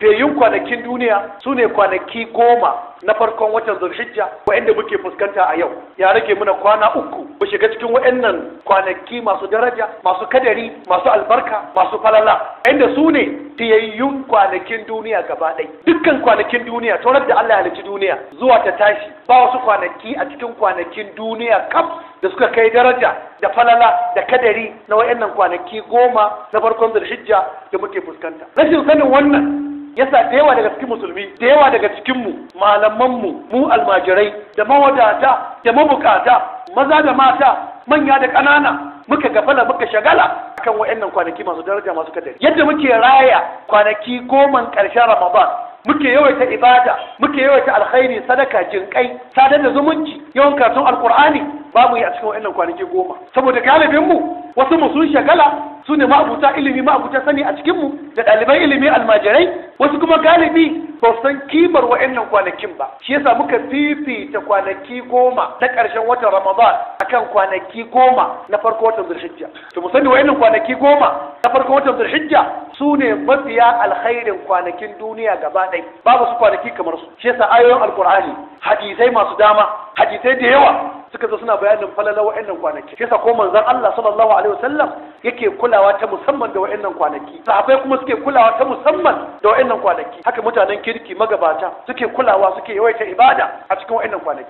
beyun kwanakin duniya su ne kwanaki goma na farkon watan zurhijja waɗanda muke fuskanta a yau ya rage muna kwana uku mu shiga cikin waɗannan kwanaki masu daraja masu kadari masu albarka masu falala inda su ne fiyayyun kwanakin duniya gaba ɗai dukkan kwanakin duniya taurar da Allah ya halicci duniya zuwa ta tashi ba wasu kwanaki a cikin kwanakin duniya kaf da suka kai daraja da falala da kadari na waɗannan kwanaki goma na farkon zulhijja da muke fuskanta rashin sanin wannan yasa da yawa daga cikin musulmi da yawa daga cikin mu mu mu almajirai da mawadata da mabukata maza da mata manya da ƙanana muka gafala muka shagala kan wa'annan kwanaki masu daraja masu kadari yadda muke raya kwanaki goman ƙarshen ramadan muke yawaita ibada muke yawaita alkhairi sadaka jinkai sadar da zumunci yawan karatun alkur'ani babu yi a cikin wa'annan kwanaki goma saboda galibin mu wasu mu sun shagala su ne ma'abuta ilimi ma'abuta sani a cikinmu da ɗaliban ilimi almajirai wasu kuma galibi ba san kimar wa'annan kwanakin ba shi yasa muka fifita kwanaki goma na ƙarshen watan ramadan akan kwanaki goma na farko watan zulhijja to mu sani wayannan kwanaki goma na farko watan zulhijja su ne mafiya alkhairin kwanakin duniya gaba ɗaya babu su kwanaki kamar su shi yasa ayoyin alqur'ani hadisai masu dama hadisai da yawa suka zo suna bayanin falala wa'annan kwanaki yasa ko manzon Allah sallallahu alaihi wasallam yake kulawa ta musamman da wa'annan kwanaki sahabbai kuma suke kulawa ta musamman da wa'annan kwanaki haka mutanen kirki magabata suke kulawa suke yawaita ibada a cikin wa'annan kwanaki